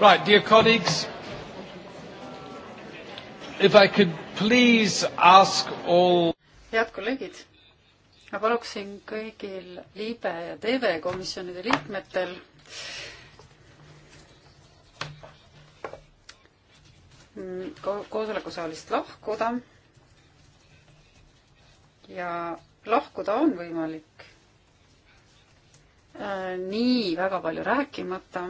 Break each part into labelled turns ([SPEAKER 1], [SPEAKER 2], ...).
[SPEAKER 1] Right, dear colleagues, if I could please ask all
[SPEAKER 2] head kolleegid, ma paluksin kõigil liibe ja TV komisjonide liikmetel koosolekusaalist lahkuda ja lahkuda on võimalik Äh, nii väga palju rääkimata.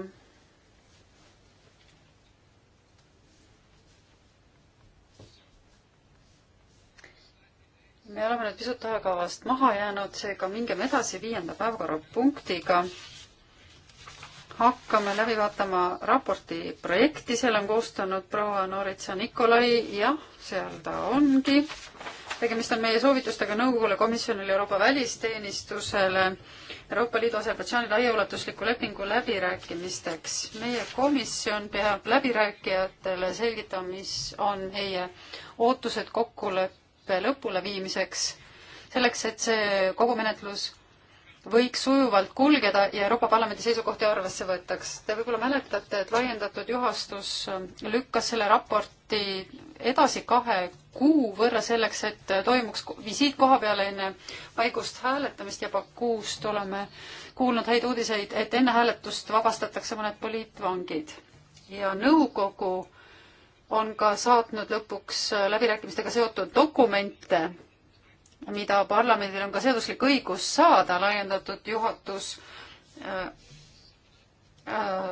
[SPEAKER 2] me oleme nüüd pisut ajakavast maha jäänud, seega mingem edasi viienda päevakorrapunktiga hakkame läbi vaatama raporti projekti, selle on koostanud proua Noritsa Nikolai, jah, seal ta ongi. tegemist on meie soovitustega nõukogule, komisjonile, Euroopa välisteenistusele Euroopa Liidu Aserbaidžaani laiaulatusliku lepingu läbirääkimisteks. meie komisjon peab läbirääkijatele selgitama, mis on meie ootused kokkuleppe lõpuleviimiseks, selleks et see kogu menetlus võiks sujuvalt kulgeda ja Euroopa Parlamendi seisukohti arvesse võetaks. Te võib-olla mäletate, et laiendatud juhastus lükkas selle raporti edasi kahe kuu võrra selleks, et toimuks visiit koha peale enne paigust hääletamist ja Bakuust oleme kuulnud häid uudiseid, et enne hääletust vabastatakse mõned poliitvangid ja nõukogu on ka saatnud lõpuks läbirääkimistega seotud dokumente, mida parlamendil on ka seaduslik õigus saada, laiendatud juhatus äh, äh,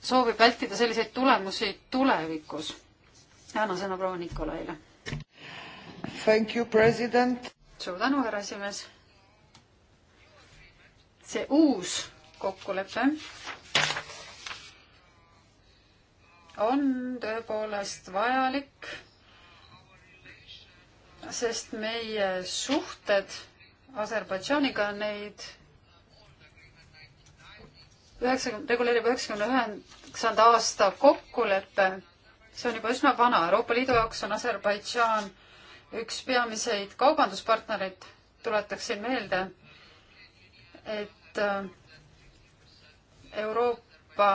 [SPEAKER 2] soovib vältida selliseid tulemusi tulevikus annan sõna proua Nikolaile.
[SPEAKER 1] Thank you, president.
[SPEAKER 2] suur tänu, härra esimees. see uus kokkulepe on tõepoolest vajalik, sest meie suhted Aserbaidžaaniga neid üheksakümne, reguleerib üheksakümne üheksanda aasta kokkulepe see on juba üsna vana. Euroopa Liidu jaoks on Aserbaidžaan üks peamiseid kaubanduspartnereid. tuletaksin meelde, et äh, Euroopa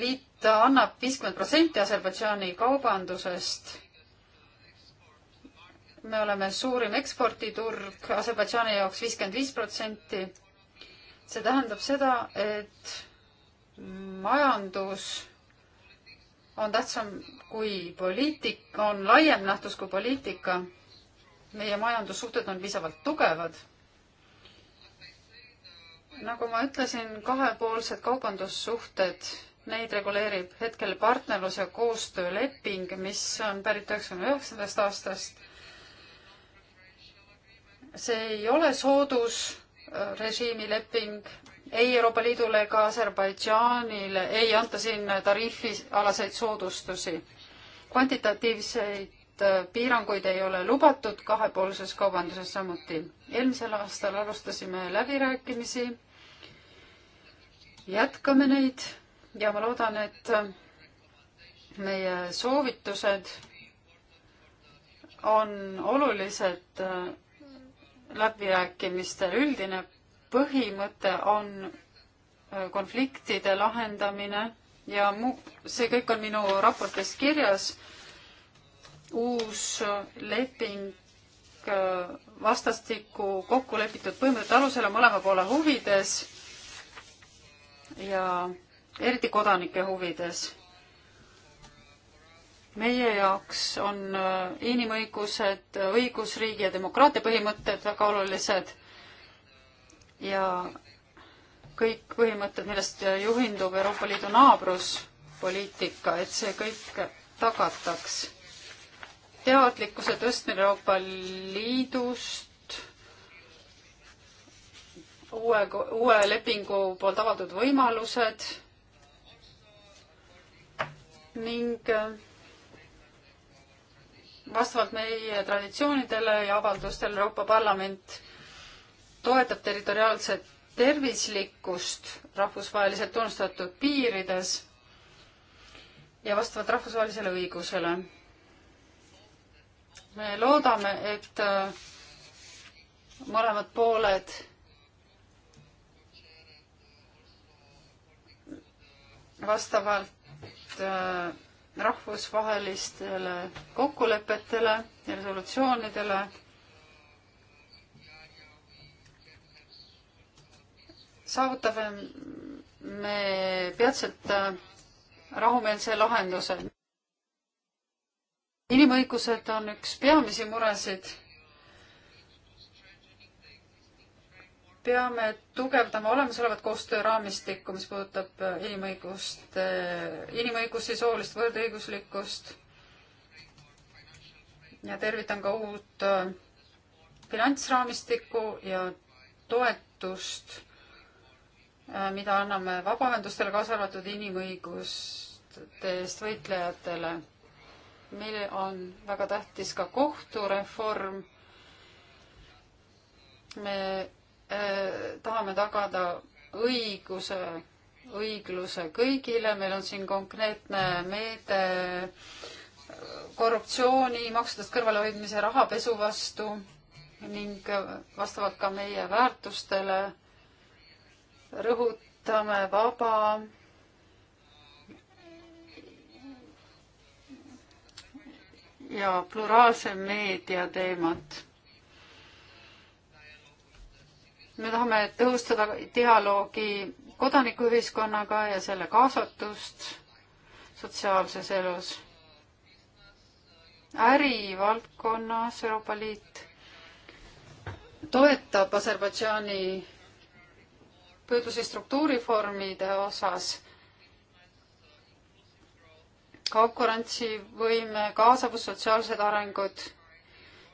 [SPEAKER 2] Liit annab viiskümmend protsenti Aserbaidžaani kaubandusest. me oleme suurim eksporditurg Aserbaidžaani jaoks viiskümmend viis protsenti. see tähendab seda, et majandus on tähtsam kui poliitik, on laiem nähtus kui poliitika. meie majandussuhted on piisavalt tugevad. nagu ma ütlesin, kahepoolsed kaubandussuhted, neid reguleerib hetkel partnerlus- ja koostööleping, mis on pärit üheksakümne üheksandast aastast. see ei ole soodusrežiimi äh, leping, ei Euroopa Liidule ega Aserbaidžaanile ei anta siin tariifialaseid soodustusi. kvantitatiivseid äh, piiranguid ei ole lubatud, kahepoolses kaubanduses samuti. eelmisel aastal alustasime läbirääkimisi, jätkame neid ja ma loodan, et äh, meie soovitused on olulised äh, läbirääkimistel üldine põhimõte on äh, konfliktide lahendamine ja mu, see kõik on minu raportis kirjas. uus äh, leping äh, vastastikku kokku lepitud põhimõtete alusel on mõlema poole huvides ja eriti kodanike huvides. meie jaoks on inimõigused, õigusriigi ja demokraatia põhimõtted väga olulised ja kõik põhimõtted, millest juhindub Euroopa Liidu naabruspoliitika, et see kõik tagataks. teadlikkuse tõstmine Euroopa Liidust, uue, uue lepingu poolt avatud võimalused ning vastavalt meie traditsioonidele ja avaldustele Euroopa Parlament toetab territoriaalset tervislikkust rahvusvaheliselt tunnustatud piirides ja vastavalt rahvusvahelisele õigusele. me loodame, et äh, mõlemad pooled vastavalt äh, rahvusvahelistele kokkulepetele ja resolutsioonidele saavutame me peatselt äh, rahumeelse lahenduse. inimõigused on üks peamisi muresid. peame tugevdama olemasolevat koostööraamistikku, mis puudutab äh, inimõigust, inimõigusi, soolist võrdõiguslikkust. ja tervitan ka uut äh, finantsraamistikku ja toetust Äh, mida anname vabaühendustele, kaasa arvatud inimõiguste eest võitlejatele. meil on väga tähtis ka kohtureform. me äh, tahame tagada õiguse, õigluse kõigile, meil on siin konkreetne meede äh, korruptsiooni, maksudest kõrvalehoidmise, rahapesu vastu ning äh, vastavalt ka meie väärtustele rõhutame vaba ja pluraalse meedia teemat. me tahame tõhustada dialoogi kodanikuühiskonnaga ja selle kaasatust sotsiaalses elus. ärivaldkonnas Euroopa Liit toetab Aserbaidžaani püüdlusi struktuurifondide osas, konkurentsivõime, kaasavus, sotsiaalsed arengud,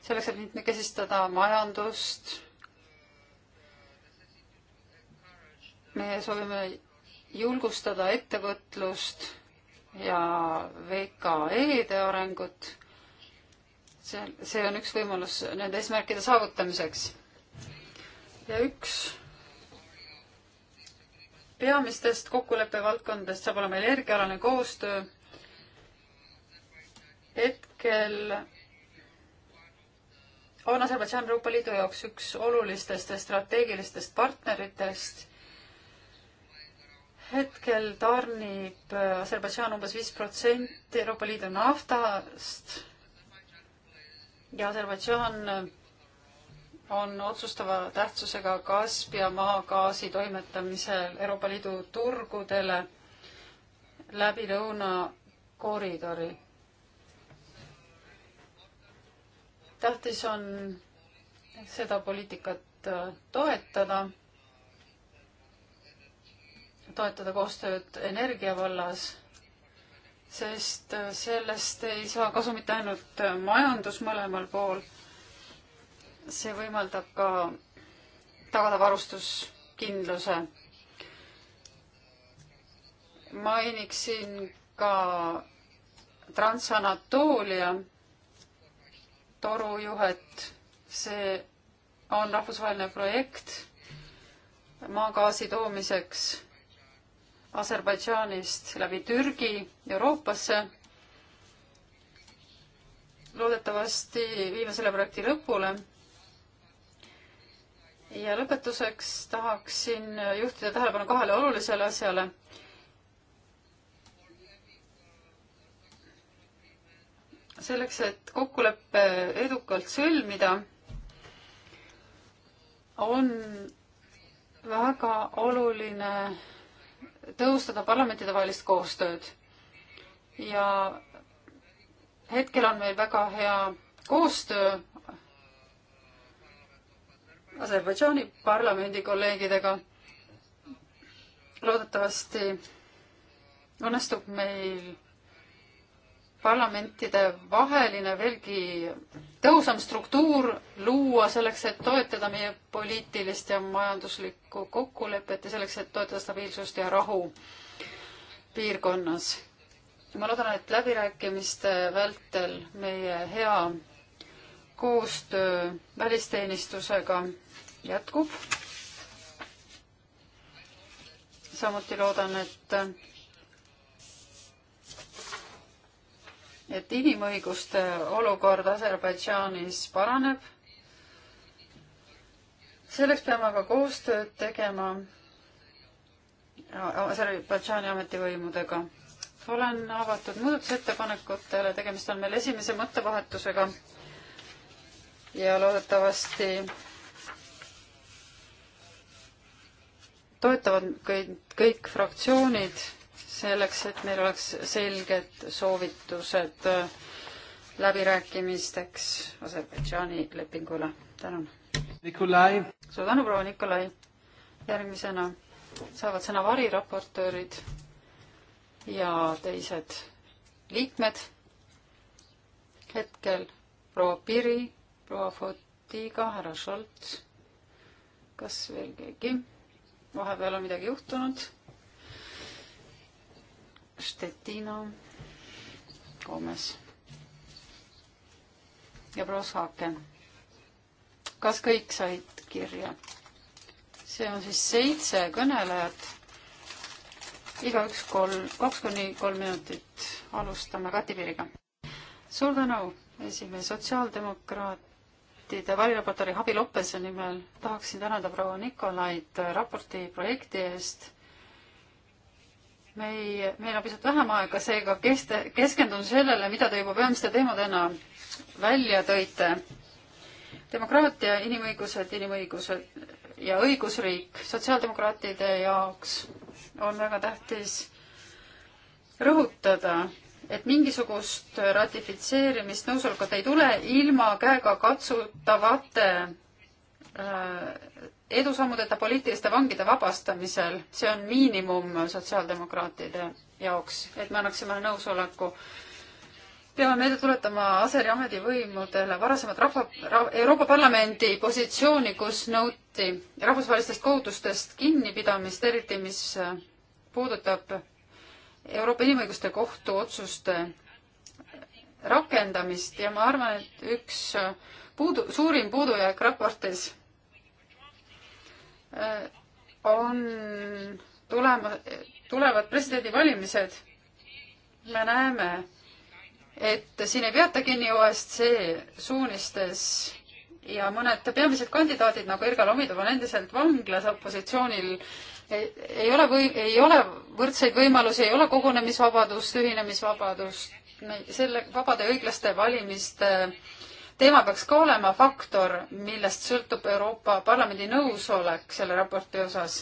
[SPEAKER 2] selleks, et mitmekesistada majandust. me soovime julgustada ettevõtlust ja VKE-de arengut. see, see on üks võimalus nende eesmärkide saavutamiseks. ja üks peamistest kokkuleppevaldkondadest saab olema energiaalane koostöö. hetkel on Aserbaidžaan Euroopa Liidu jaoks üks olulistest ja strateegilistest partneritest. hetkel tarnib Aserbaidžaan umbes viis protsenti Euroopa Liidu naftast ja Aserbaidžaan on otsustava tähtsusega Kaspia maagaasi toimetamisel Euroopa Liidu turgudele läbi lõunakoridori. tähtis on seda poliitikat toetada, toetada koostööd energia vallas, sest sellest ei saa kasu mitte ainult majandus mõlemal pool see võimaldab ka tagada varustuskindluse. mainiksin ka Transanatoolia torujuhet. see on rahvusvaheline projekt maagaasi toomiseks Aserbaidžaanist läbi Türgi Euroopasse loodetavasti viime selle projekti lõpule ja lõpetuseks tahaksin juhtida tähelepanu kahele olulisele asjale. selleks, et kokkulepe edukalt sõlmida, on väga oluline tõhustada parlamentidevahelist koostööd. ja hetkel on meil väga hea koostöö Aserbaidžaani parlamendi kolleegidega. loodetavasti õnnestub meil parlamentide vaheline veelgi tõhusam struktuur luua selleks, et toetada meie poliitilist ja majanduslikku kokkulepet ja selleks, et toetada stabiilsust ja rahu piirkonnas. ma loodan, et läbirääkimiste vältel meie hea koostöö välisteenistusega jätkub. samuti loodan, et et inimõiguste olukord Aserbaidžaanis paraneb. selleks peame aga koostööd tegema Aserbaidžaani ametivõimudega. olen avatud muudatusettepanekutele, tegemist on meil esimese mõttevahetusega ja loodetavasti toetavad kõik, kõik fraktsioonid selleks, et meil oleks selged soovitused äh, läbirääkimisteks Aserbaidžaani lepingule. tänan.
[SPEAKER 1] Nikolai.
[SPEAKER 2] suur tänu, proua Nikolai. järgmisena saavad sõna variraportöörid ja teised liikmed. hetkel proua Piri, proua Fotiga, härra Šolts. kas veel keegi? vahepeal on midagi juhtunud. Stettino, Gomes ja Proshake. kas kõik said kirja? see on siis seitse kõnelejat, igaüks kolm, kaks kuni kolm minutit. alustame Kati Piriga. suur tänu, esimees sotsiaaldemokraat sotsiaaldemokraatide variraportori Javi Lopese nimel tahaksin tänada proua Nikolait raporti projekti eest. meil, meil on pisut vähem aega, seega keste, keskendun sellele, mida te juba peamiste teemadena välja tõite. demokraatia, inimõigused, inimõigused ja õigusriik sotsiaaldemokraatide jaoks on väga tähtis rõhutada et mingisugust ratifitseerimist nõusolekut ei tule ilma käegakatsutavate äh, edusammudeta poliitiliste vangide vabastamisel, see on miinimum sotsiaaldemokraatide jaoks, et me annaksime nõusoleku. peame meelde tuletama Aseri ametivõimudele varasemat rahva ra,, Euroopa Parlamendi positsiooni, kus nõuti rahvusvahelistest kohutustest kinnipidamist, eriti mis äh, puudutab Euroopa Inimõiguste Kohtu otsuste rakendamist ja ma arvan, et üks puudu, suurim puudujääk raportis äh, on tulema, tulevad presidendivalimised. me näeme, et siin ei peata kinni OSCE suunistes ja mõned peamised kandidaadid nagu Ergal Omidov on endiselt vanglas opositsioonil äh, ei ole või, ei ole võrdseid võimalusi, ei ole kogunemisvabadust, ühinemisvabadust, selle vabade õiglaste valimiste teema peaks ka olema faktor, millest sõltub Euroopa Parlamendi nõusolek selle raporti osas.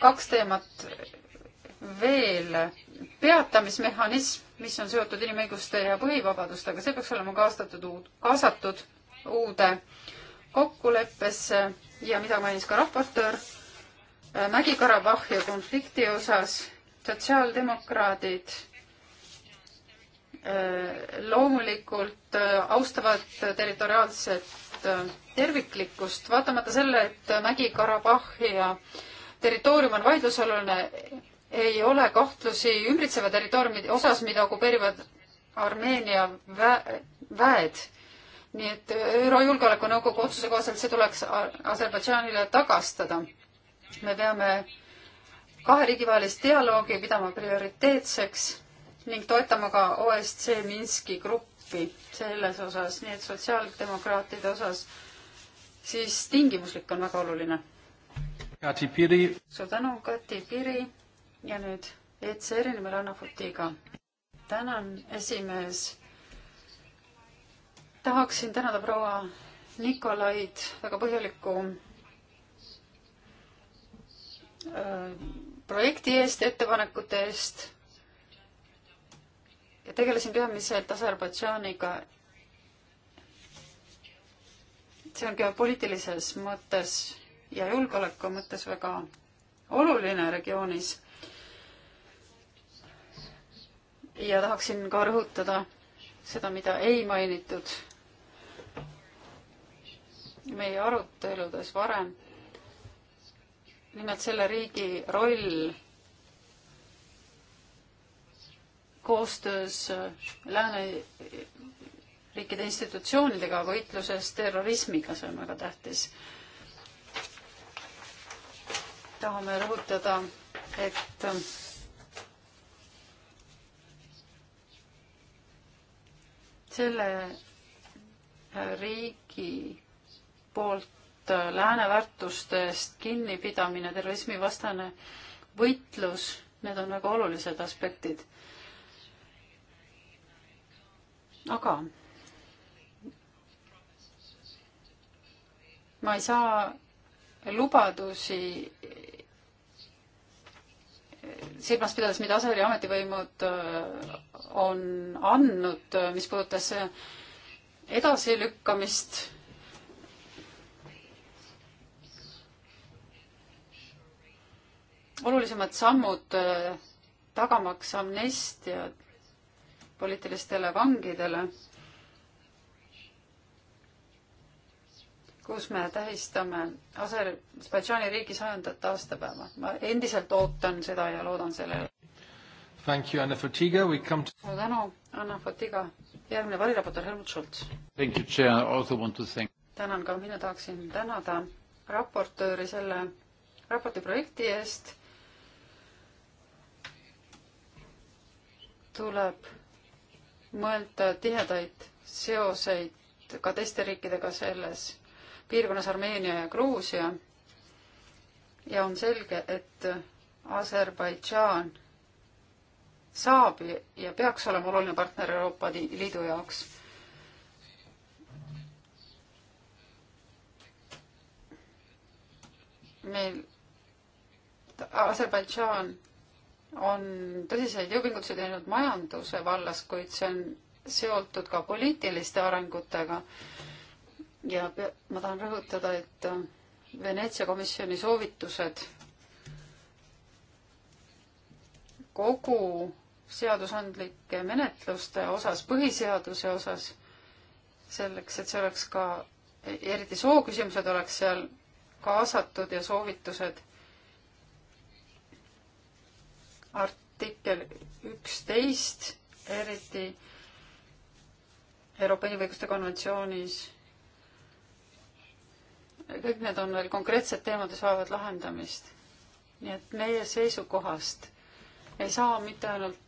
[SPEAKER 2] kaks teemat veel. peatamismehhanism, mis on seotud inimõiguste ja põhivabadustega, see peaks olema kaastatud uud, kaasatud uude kokkuleppesse ja mida mainis ka raportöör Mägi-Karabahhi konflikti osas sotsiaaldemokraadid äh, loomulikult äh, austavad territoriaalset äh, terviklikkust, vaatamata selle, et Mägi-Karabahhi ja territoorium on vaidlusalune, ei ole kahtlusi ümbritseva territooriumi osas, mida okupeerivad Armeenia vä-, väed. nii et ÜRO Julgeolekunõukogu otsuse kohaselt see tuleks Aserbaidžaanile tagastada me peame kahe riigi vahelist dialoogi pidama prioriteetseks ning toetama ka OSCE Minski gruppi selles osas, nii et sotsiaaldemokraatide osas siis tingimuslik on väga oluline. Kati Piri. suur tänu, Kati Piri ja nüüd ECR-i nimel Anna Futiga. tänan, esimees. tahaksin tänada proua Nikolaid väga põhjaliku Äh, projekti eest, ettepanekute eest. ja tegelesin peamiselt Aserbaidžaaniga. see on geopoliitilises mõttes ja julgeoleku mõttes väga oluline regioonis. ja tahaksin ka rõhutada seda, mida ei mainitud meie aruteludes varem nimelt selle riigi roll koostöös lääneriikide institutsioonidega võitluses terrorismiga, see on väga tähtis. tahame rõhutada, et selle
[SPEAKER 1] riigi poolt Äh,
[SPEAKER 2] lääne väärtustest kinnipidamine, terrorismivastane võitlus, need on väga olulised aspektid. aga ma ei saa lubadusi silmas pidades, mida Aseri ametivõimud äh, on andnud, äh, mis puudutas edasilükkamist olulisemad sammud äh, tagamaks amnestia poliitilistele vangidele, kus me tähistame Aserbaidžaani riigi sajandat aastapäeva. ma endiselt ootan seda ja loodan sellele.
[SPEAKER 1] Thank you, Anna Fotiga. We come to...
[SPEAKER 2] suur tänu, Anna Fotiga. järgmine variraportor Helmut Schultz.
[SPEAKER 1] Thank you, Chair. I also want to thank
[SPEAKER 2] tänan ka, mina tahaksin tänada raportööri selle raporti projekti eest tuleb mõelda tihedaid seoseid ka teiste riikidega selles piirkonnas Armeenia ja Gruusia. ja on selge, et Aserbaidžaan saab ja peaks olema oluline partner Euroopa Liidu jaoks. meil Aserbaidžaan on tõsiseid jõupingutusi teinud majanduse vallas, kuid see on seotud ka poliitiliste arengutega. ja ma tahan rõhutada, et äh, Veneetsia komisjoni soovitused kogu seadusandlike menetluste osas, põhiseaduse osas, selleks, et see oleks ka, eriti sooküsimused oleks seal kaasatud ja soovitused artikkel üksteist, eriti Euroopa Inimõiguste konventsioonis. kõik need on veel konkreetsed teemad, mis vajavad lahendamist. nii et meie seisukohast ei saa mitte ainult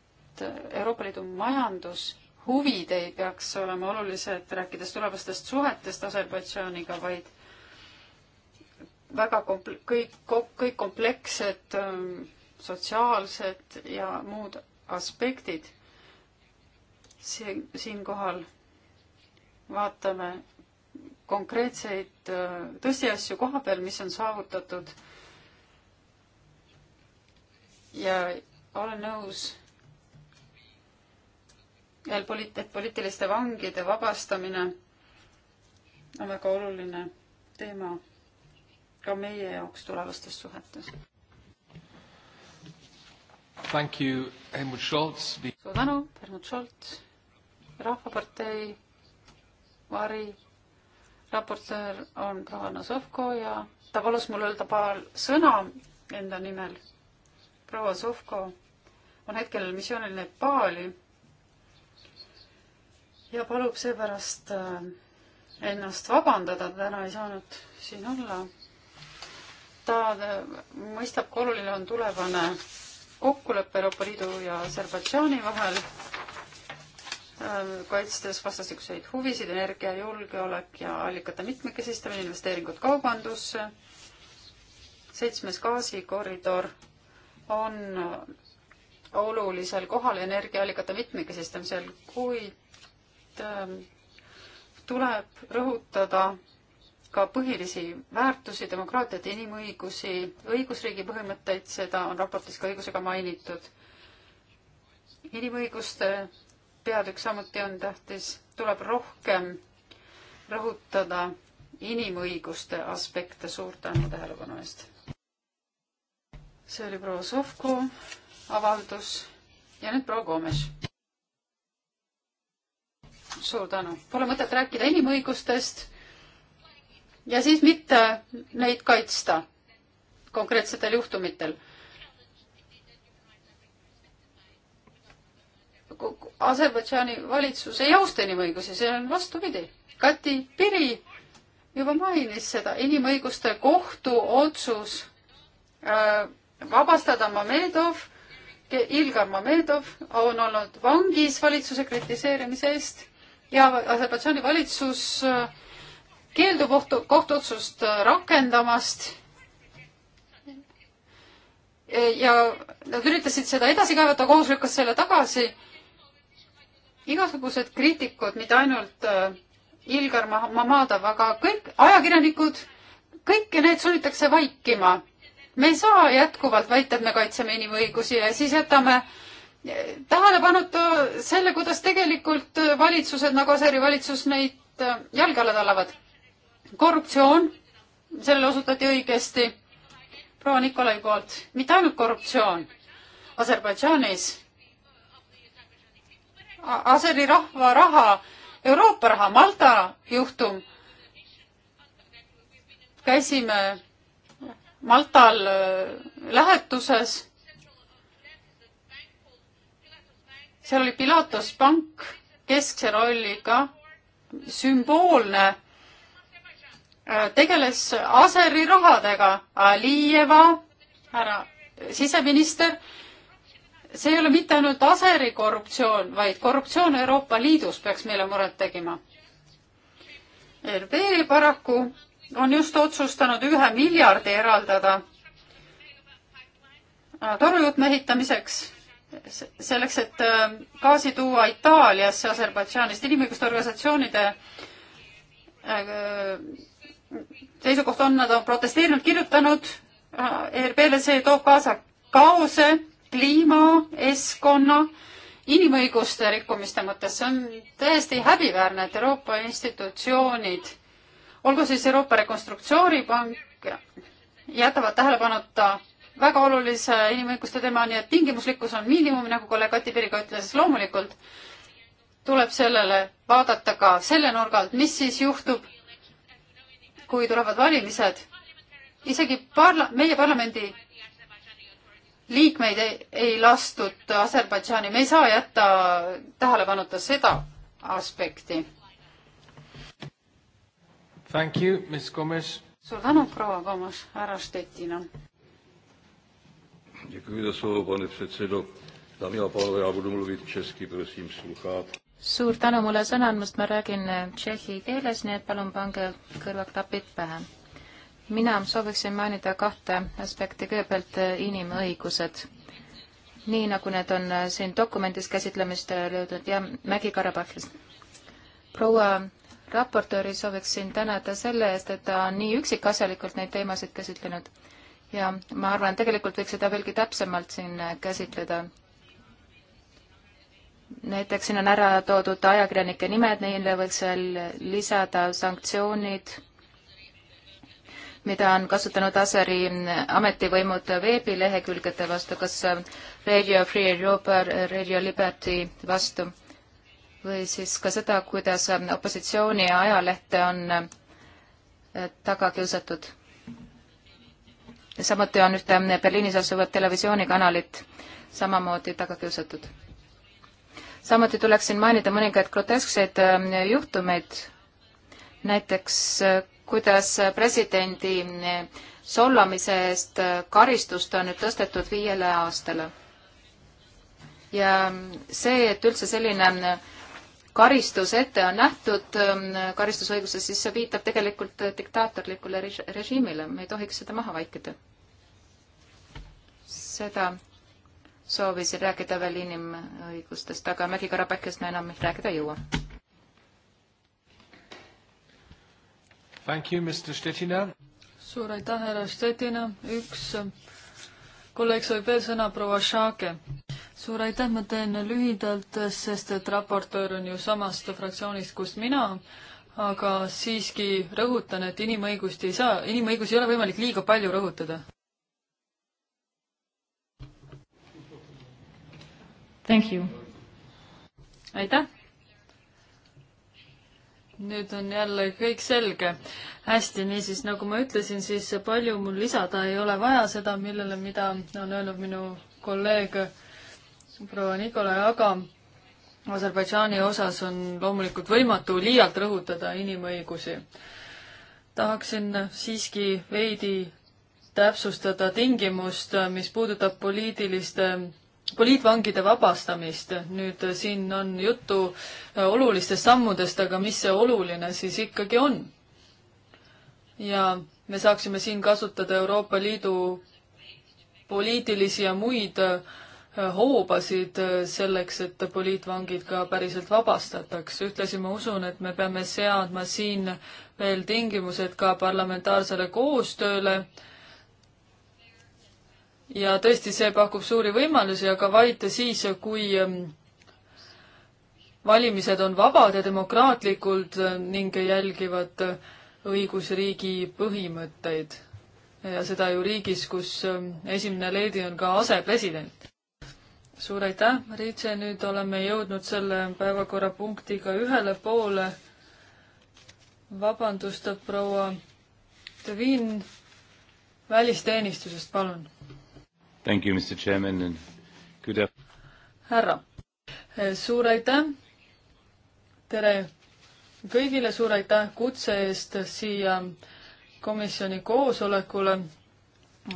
[SPEAKER 2] Euroopa Liidu majandushuvid ei peaks olema olulised, rääkides tulevastest suhetest Aserbaidžaaniga, vaid väga komple-, kõik, kõik komplekssed ähm, sotsiaalsed ja muud aspektid. see, siinkohal vaatame konkreetseid äh, tõsiasju koha peal, mis on saavutatud. ja olen nõus, et poliitiliste vangide vabastamine on väga oluline teema ka meie jaoks tulevastes suhetes.
[SPEAKER 1] Thank you, Helmut Scholz. suur
[SPEAKER 2] tänu, Helmut Scholz, Rahvapartei vari raportöör on Pravana Sovko ja ta palus mul öelda paar sõna enda nimel. proua Sovko on hetkel missioonil Nepaali ja palub seepärast äh, ennast vabandada, ta täna ei saanud siin olla. ta äh, mõistab, kui oluline on tulevane kokkulepe Euroopa Liidu ja Aserbaidžaani vahel, äh, kaitstes vastastikuseid huvisid, energia, julgeolek ja allikate mitmekesistamine, investeeringud kaubandusse. seitsmes gaasikoridor on olulisel kohal energiaallikate mitmekesistamisel, kuid ähm, tuleb rõhutada ka põhilisi väärtusi, demokraatiat, inimõigusi, õigusriigi põhimõtteid, seda on raportis ka õigusega mainitud. inimõiguste peatükk samuti on tähtis, tuleb rohkem rõhutada inimõiguste aspekte, suur tänu tähelepanu eest. see oli proua Sovko avaldus ja nüüd proua Gomes suur tänu. Pole mõtet rääkida inimõigustest, ja siis mitte neid kaitsta konkreetsetel juhtumitel. Aserbaidžaani valitsus ei austa inimõigusi, see on vastupidi. Kati Piri juba mainis seda, inimõiguste kohtu otsus äh, vabastada Mamedov, Ilgar Mamedov on olnud vangis valitsuse kritiseerimise eest ja Aserbaidžaani valitsus äh, keeldub kohtu, kohtuotsust äh, rakendamast. E, ja nad üritasid seda edasi kaevata, kohus lükkas selle tagasi. igasugused kriitikud, mitte ainult äh, Ilgar Mamadov, aga kõik ajakirjanikud, kõiki need sunnitakse vaikima. me ei saa jätkuvalt väita, et me kaitseme inimõigusi ja siis jätame e, tähelepanuta selle, kuidas tegelikult äh, valitsused nagu Aseri valitsus neid jalge alla tallavad korruptsioon, sellele osutati õigesti proua Nikolai poolt, mitte ainult korruptsioon Aserbaidžaanis. Aseri rahva raha, Euroopa raha, Malta juhtum. käisime Maltal äh, lähetuses. seal oli Pilatus pank keskse rolliga, sümboolne Äh, tegeles Aseri rahadega, Alijeva, härra siseminister, see ei ole mitte ainult Aseri korruptsioon, vaid korruptsioon Euroopa Liidus peaks meile muret tegema. RB paraku on just otsustanud ühe miljardi eraldada äh, torujuhtme ehitamiseks, selleks, et äh, gaasi tuua Itaaliasse Aserbaidžaanist inimõiguste organisatsioonide seisukoht on, nad on protesteerinud, kirjutanud ERP-le, äh, see toob kaasa kaose kliima, keskkonna, inimõiguste rikkumiste mõttes, see on täiesti häbiväärne, et Euroopa institutsioonid, olgu siis Euroopa Rekonstruktsioonipank, jätavad tähelepanuta väga olulise inimõiguste teema, nii et tingimuslikkus on miinimum, nagu kolleeg Kati Piriga ütles, loomulikult tuleb sellele vaadata ka selle nurga alt, mis siis juhtub kui tulevad valimised, isegi parla-, meie parlamendi liikmeid ei, ei lastud Aserbaidžaani, me ei saa jätta tähelepanuta seda aspekti.
[SPEAKER 1] Thank you, Miss Gomes.
[SPEAKER 2] suur tänu, proua Gomes, härra Stettina.
[SPEAKER 3] Děkuji za slovo, pane předsedo. Dámy a pánové, já budu mluvit česky, prosím, sluchát suur tänu mulle sõna andmast, ma räägin tšehhi keeles, nii et palun pange kõrvaklapid pähe. mina sooviksin mainida kahte aspekti, kõigepealt inimõigused. nii, nagu need on siin dokumendis käsitlemist löödud ja Mägi-Karabahhis. proua raportööri sooviksin tänada selle eest, et ta on nii üksikasjalikult neid teemasid käsitlenud. ja ma arvan, tegelikult võiks seda veelgi täpsemalt siin käsitleda näiteks siin on ära toodud ajakirjanike nimed, neile võiks veel lisada sanktsioonid, mida on kasutanud Aseri ametivõimud veebilehekülgede vastu, kas Radio Free Euroopa, Radio Liberty vastu või siis ka seda, kuidas opositsiooni ajalehte on taga kiusatud. samuti on ühte Berliinis asuvat televisioonikanalit samamoodi taga kiusatud samuti tuleks siin mainida mõningaid groteskseid äh, juhtumeid, näiteks äh, kuidas presidendi äh, solvamise eest karistust on nüüd tõstetud viiele aastale. ja mm, see, et üldse selline mm, karistus ette on nähtud mm, karistusõiguses, siis see viitab tegelikult diktaatorlikule režiimile, me ei tohiks seda maha vaikida. seda soovisin rääkida veel inimõigustest, aga Mägi-Karabahhist me enam rääkida ei jõua.
[SPEAKER 1] suur aitäh, härra Stettina, üks kolleeg soovib veel sõna, proua Šake. suur aitäh, ma teen lühidalt, sest et raportöör on ju samast fraktsioonist, kus mina, aga siiski rõhutan, et inimõigust ei saa, inimõigusi ei ole võimalik liiga palju rõhutada. Thank you. aitäh. nüüd on jälle kõik selge. hästi, niisiis, nagu ma ütlesin, siis palju mul lisada ei ole vaja seda, millele, mida on öelnud minu kolleeg proua Nikolai, aga Aserbaidžaani osas on loomulikult võimatu liialt rõhutada inimõigusi. tahaksin siiski veidi täpsustada tingimust, mis puudutab poliitiliste poliitvangide vabastamist, nüüd äh, siin on juttu äh, olulistest sammudest, aga mis see oluline siis ikkagi on? ja me saaksime siin kasutada Euroopa Liidu poliitilisi ja muid äh, hoobasid selleks, et poliitvangid ka päriselt vabastataks. ühtlasi ma usun, et me peame seadma siin veel tingimused ka parlamentaarsele koostööle äh, ja tõesti, see pakub suuri võimalusi, aga vaid siis, kui ähm, valimised on vabad ja demokraatlikud äh, ning jälgivad äh, õigusriigi põhimõtteid. ja seda ju riigis, kus ähm, esimene leedi on ka asepresident. suur aitäh, Riitse, nüüd oleme jõudnud selle päevakorrapunktiga ühele poole. vabandust, proua Devin välisteenistusest, palun Thank you, Mr Chairman and good härra, suur aitäh. tere kõigile, suur aitäh kutse eest siia komisjoni koosolekule,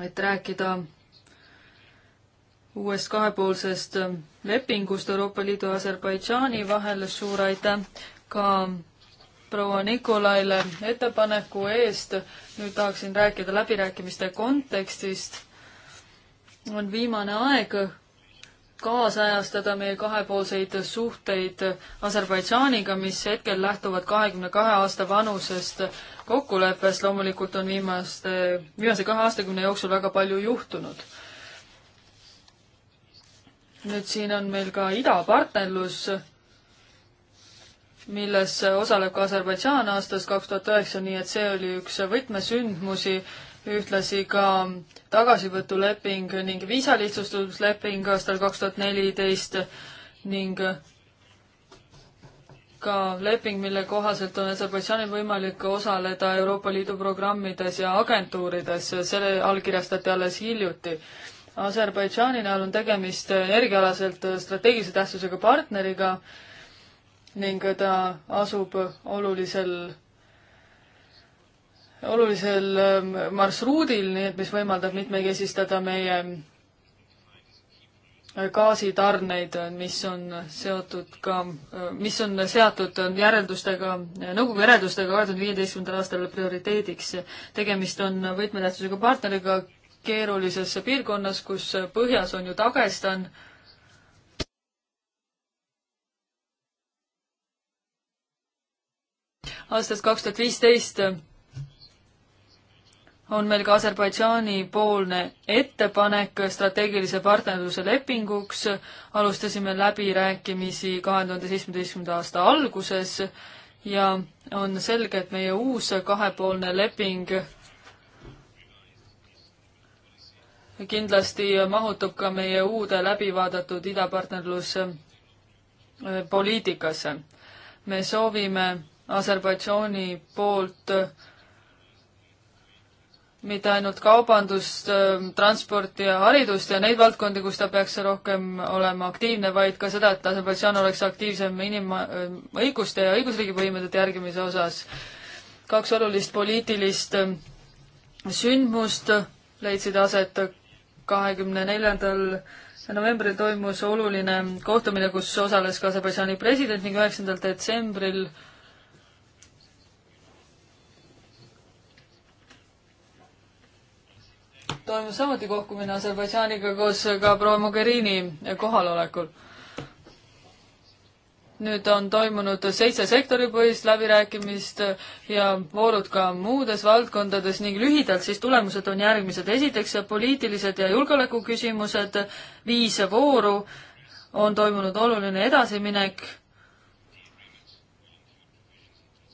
[SPEAKER 1] et rääkida uuest kahepoolsest lepingust Euroopa Liidu ja Aserbaidžaani vahel. suur aitäh ka proua Nikolaile ettepaneku eest. nüüd tahaksin rääkida läbirääkimiste kontekstist on viimane aeg kaasajastada meie kahepoolseid suhteid Aserbaidžaaniga, mis hetkel lähtuvad kahekümne kahe aasta vanusest kokkuleppest. loomulikult on viimaste, viimase kahe aastakümne jooksul väga palju juhtunud. nüüd siin on meil ka idapartnerlus, milles osaleb ka Aserbaidžaan aastast kaks tuhat üheksa, nii et see oli üks võtmesündmusi, ühtlasi ka äh, tagasivõtuleping ning viisalihtsustusleping aastal kaks tuhat neliteist ning ka leping, mille kohaselt on Aserbaidžaanil võimalik osaleda Euroopa Liidu programmides ja agentuurides, selle allkirjastati alles hiljuti. Aserbaidžaani näol on tegemist energiaalaselt strateegilise tähtsusega partneriga ning ta asub olulisel olulisel ähm, marsruudil, nii et mis võimaldab mitmekesistada meie äh, gaasitarneid, mis on seotud ka, äh, mis on seatud järeldustega, nõukogu järeldustega kahe tuhande viieteistkümnendal aastal prioriteediks. tegemist on võtmetähtsusega partneriga keerulises piirkonnas, kus põhjas on ju Dagestan, aastast kaks tuhat viisteist on meil ka Aserbaidžaani poolne ettepanek strateegilise partnerluse lepinguks. alustasime läbirääkimisi kahe tuhande seitsmeteistkümnenda aasta alguses ja on selge, et meie uus kahepoolne leping kindlasti mahutub ka meie uude läbivaadatud idapartnerluse äh, poliitikasse. me soovime Aserbaidžaani poolt äh, mitte ainult kaubandust, ähm, transporti ja haridust ja neid valdkondi, kus ta peaks rohkem olema aktiivne, vaid ka seda, et Aserbaidžaan oleks aktiivsem inimõiguste ähm, ja õigusriigi põhimõtete järgimise osas. kaks olulist poliitilist ähm, sündmust leidsid aset kahekümne neljandal novembril toimus oluline kohtumine, kus osales ka Aserbaidžaani president ning üheksandal detsembril toimus samuti kohkumine Aserbaidžaaniga koos ka proua Mogherini kohalolekul. nüüd on toimunud seitse sektoripõhist läbirääkimist ja voorud ka muudes valdkondades ning lühidalt siis tulemused on järgmised. esiteks poliitilised ja julgeolekuküsimused, viis vooru, on toimunud oluline edasiminek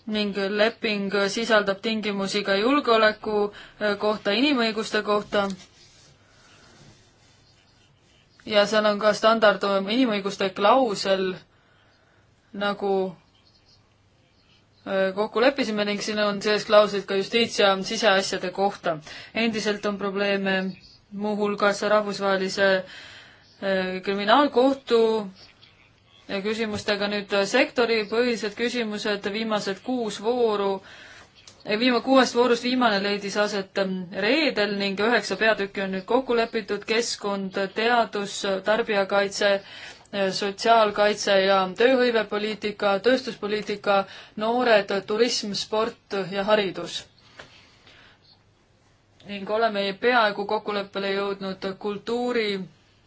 [SPEAKER 1] ning leping sisaldab tingimusi ka julgeoleku eh, kohta, inimõiguste kohta. ja seal on ka standard eh, inimõiguste klausel, nagu eh, kokku leppisime ning siin on sees klauslid ka justiits- ja siseasjade kohta. endiselt on probleeme muuhulgas rahvusvahelise kriminaalkohtu küsimustega nüüd äh, sektoripõhised küsimused, viimased kuus vooru, viima-, kuuest voorust viimane leidis aset ähm, reedel ning üheksa peatükki on nüüd kokku lepitud, keskkond, teadus, tarbijakaitse, äh, sotsiaalkaitse ja tööhõivepoliitika, tööstuspoliitika, noored, turism, sport ja haridus. ning oleme peaaegu kokkuleppele jõudnud kultuuri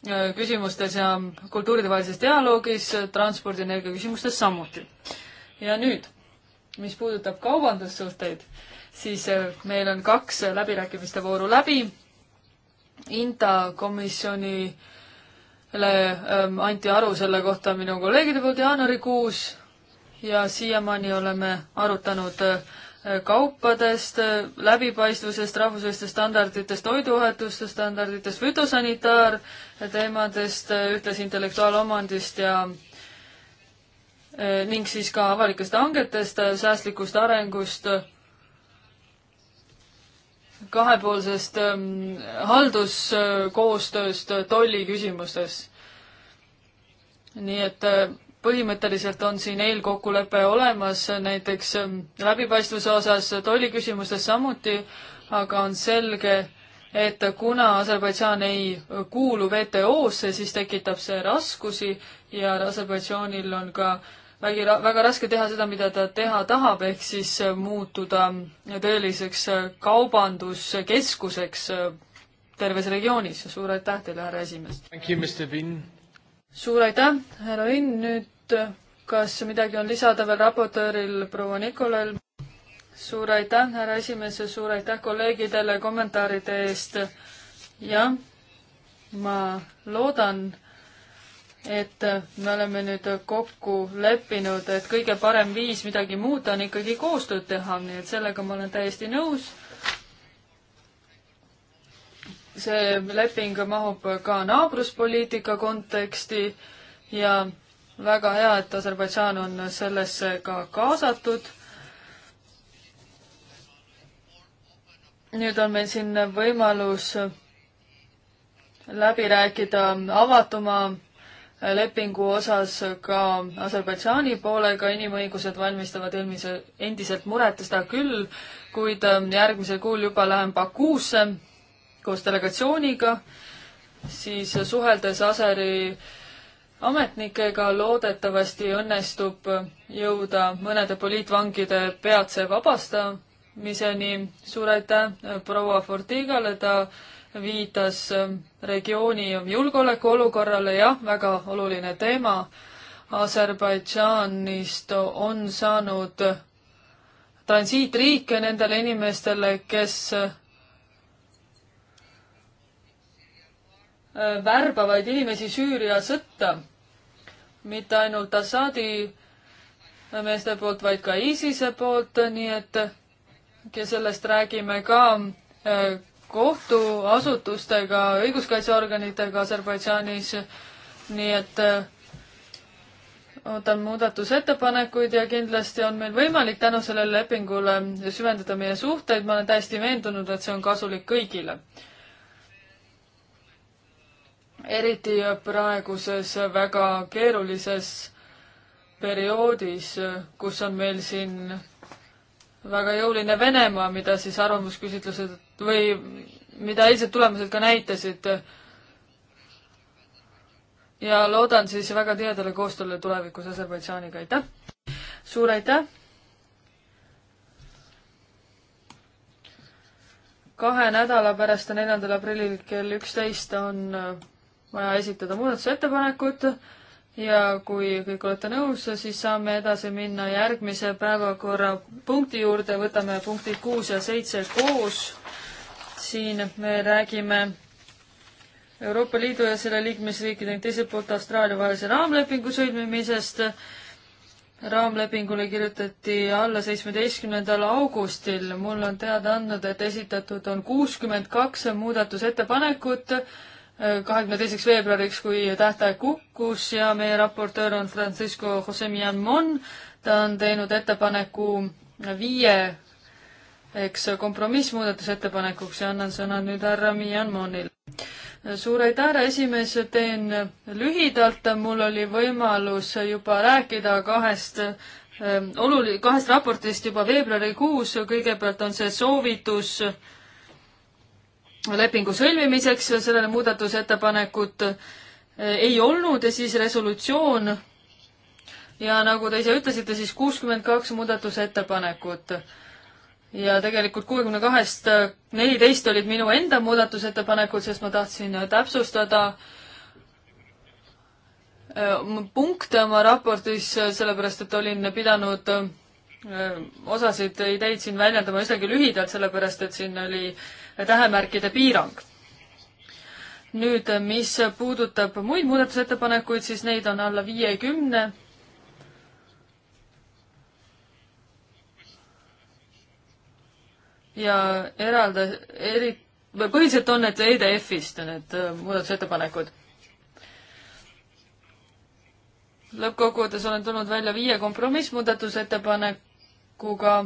[SPEAKER 1] Äh, küsimustes ja kultuuridevahelises dialoogis, äh, transpordi, energia küsimustes samuti. ja nüüd, mis puudutab kaubandussuhteid, siis äh, meil on kaks läbirääkimiste vooru läbi. Inta komisjonile ähm, anti aru selle kohta minu kolleegide poolt jaanuarikuus ja siiamaani oleme arutanud äh, kaupadest, läbipaistvusest, rahvusvahelistest standarditest, toiduohutuste standarditest, fütosanitaarteemadest, ühtlasi intellektuaalomandist ja eh, ning siis ka avalikest hangetest, säästlikust arengust, kahepoolsest mm, halduskoostööst tolliküsimustes. nii et eh, põhimõtteliselt on siin eelkokkulepe olemas, näiteks ähm, läbipaistvuse osas tolliküsimustes samuti, aga on selge, et kuna Aserbaidžaan ei kuulu WTO-sse, siis tekitab see raskusi ja Aserbaidžaanil on ka vägi, väga raske teha seda, mida ta teha tahab, ehk siis muutuda tõeliseks kaubanduskeskuseks terves regioonis. suur aitäh teile, härra esimees! suur aitäh, härra Õnn, nüüd kas midagi on lisada veel raportööril proua Nikolal? suur aitäh, härra esimees ja suur aitäh kolleegidele kommentaaride eest. jah, ma loodan, et me oleme nüüd kokku leppinud, et kõige parem viis midagi muuta on ikkagi koostööd teha, nii et sellega ma olen täiesti nõus see leping mahub ka naabruspoliitika konteksti ja väga hea, et Aserbaidžaan on sellesse ka kaasatud. nüüd on meil siin võimalus läbi rääkida avatuma lepingu osas ka Aserbaidžaani poolega, inimõigused valmistavad eelmise, endiselt muret, seda küll, kuid järgmisel kuul juba lähen Bakuusse koos delegatsiooniga, siis suheldes Aseri ametnikega loodetavasti õnnestub jõuda mõnede poliitvangide peatse vabastamiseni. suur aitäh proua Fortigale, ta viitas regiooni julgeolekuolukorrale, jah, väga oluline teema. Aserbaidžaanist on saanud transiitriike nendele inimestele, kes värbavaid inimesi Süüria sõtta. mitte ainult Assadi meeste poolt, vaid ka ISISe poolt, nii et ja sellest räägime ka äh, kohtuasutustega, õiguskaitseorganitega Aserbaidžaanis, nii et äh, ootan muudatusettepanekuid ja kindlasti on meil võimalik tänu sellele lepingule süvendada meie suhteid, ma olen täiesti veendunud, et see on kasulik kõigile eriti praeguses väga keerulises perioodis, kus on meil siin väga jõuline Venemaa, mida siis arvamusküsitlused või mida eilsed tulemused ka näitasid. ja loodan siis väga tihedale koostööle tulevikus Aserbaidžaaniga, aitäh! suur aitäh! kahe nädala pärast, neljandal aprillil kell üksteist on vaja esitada muudatusettepanekud ja kui kõik olete nõus, siis saame edasi minna järgmise päevakorrapunkti juurde, võtame punktid kuus ja seitse koos. siin me räägime Euroopa Liidu ja selle liikmesriikide ning teiselt poolt Austraalia vahelise raamlepingu sõlmimisest. raamlepingule kirjutati alla seitsmeteistkümnendal augustil. mul on teada andnud, et esitatud on kuuskümmend kaks muudatusettepanekut kahekümne teiseks veebruariks, kui tähtaeg kukkus ja meie raportöör on Francisco Jose Mianmon. ta on teinud ettepaneku viie eks kompromissmuudatusettepanekuks ja annan sõna nüüd härra Mianmonile. suur aitäh, härra esimees, teen lühidalt, mul oli võimalus juba rääkida kahest ähm, oluli-, kahest raportist juba veebruarikuus, kõigepealt on see soovitus äh, lepingu sõlmimiseks, sellele muudatusettepanekut eh, ei olnud ja siis resolutsioon ja nagu te ise ütlesite, siis kuuskümmend kaks muudatusettepanekut. ja tegelikult kuuekümne kahest eh, neliteist olid minu enda muudatusettepanekud, sest ma tahtsin eh, täpsustada punkte oma raportis, sellepärast et olin pidanud osasid ideid siin väljendama üsnagi lühidalt, sellepärast et siin oli tähemärkide piirang. nüüd, mis puudutab muid muudatusettepanekuid, siis neid on alla viiekümne. ja eralda, eri, või põhiliselt on need EDF-ist need äh, muudatusettepanekud. lõppkokkuvõttes olen tulnud välja viie kompromissmuudatusettepanekuga